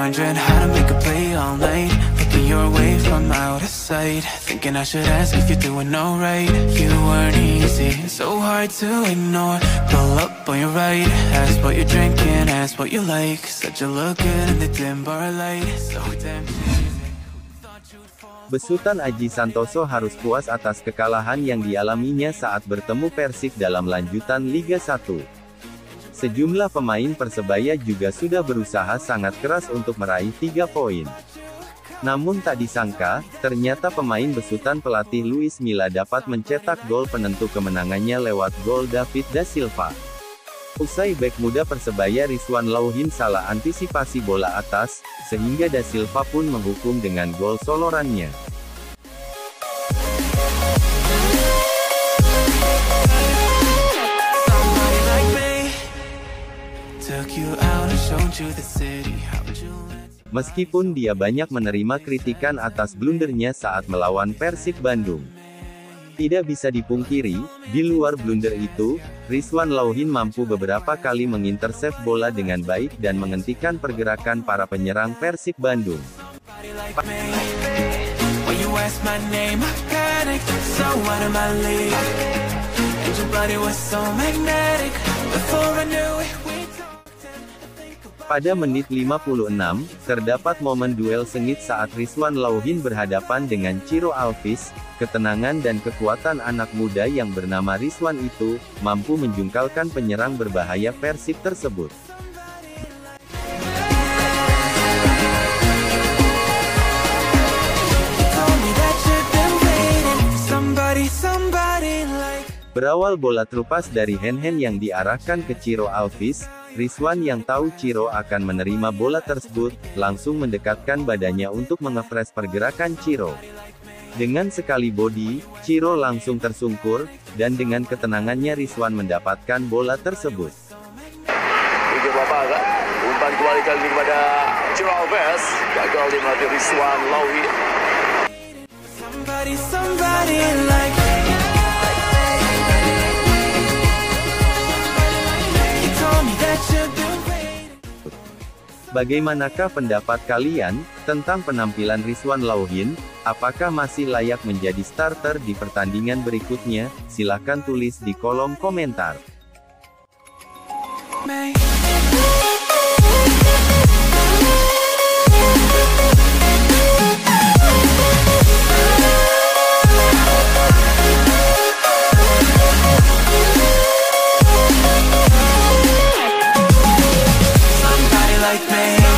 wondering how to make a play all night Looking your way from out of sight Thinking I should ask if you're doing alright You weren't easy, so hard to ignore Pull up on your right Ask what you're drinking, ask what you like Said you look good in the dim bar light So damn Besutan Aji Santoso harus puas atas kekalahan yang dialaminya saat bertemu Persik dalam lanjutan Liga 1. Sejumlah pemain Persebaya juga sudah berusaha sangat keras untuk meraih tiga poin. Namun tak disangka, ternyata pemain besutan pelatih Luis Milla dapat mencetak gol penentu kemenangannya lewat gol David Da Silva. Usai bek muda Persebaya Rizwan Lauhin salah antisipasi bola atas, sehingga Da Silva pun menghukum dengan gol solorannya. Meskipun dia banyak menerima kritikan atas blundernya saat melawan Persib Bandung. Tidak bisa dipungkiri, di luar blunder itu, Rizwan Lauhin mampu beberapa kali mengintersep bola dengan baik dan menghentikan pergerakan para penyerang Persib Bandung. Pada menit 56, terdapat momen duel sengit saat Rizwan Lauhin berhadapan dengan Ciro Alvis, ketenangan dan kekuatan anak muda yang bernama Rizwan itu, mampu menjungkalkan penyerang berbahaya Persib tersebut. Berawal bola terlepas dari Henhen yang diarahkan ke Ciro Alvis, Rizwan yang tahu Ciro akan menerima bola tersebut, langsung mendekatkan badannya untuk mengepres pergerakan Ciro. Dengan sekali body, Ciro langsung tersungkur, dan dengan ketenangannya Rizwan mendapatkan bola tersebut. Umpan kali ini kepada Ciro gagal Rizwan Lawi. Somebody, somebody like Bagaimanakah pendapat kalian tentang penampilan Rizwan Lauhin? Apakah masih layak menjadi starter di pertandingan berikutnya? Silahkan tulis di kolom komentar. me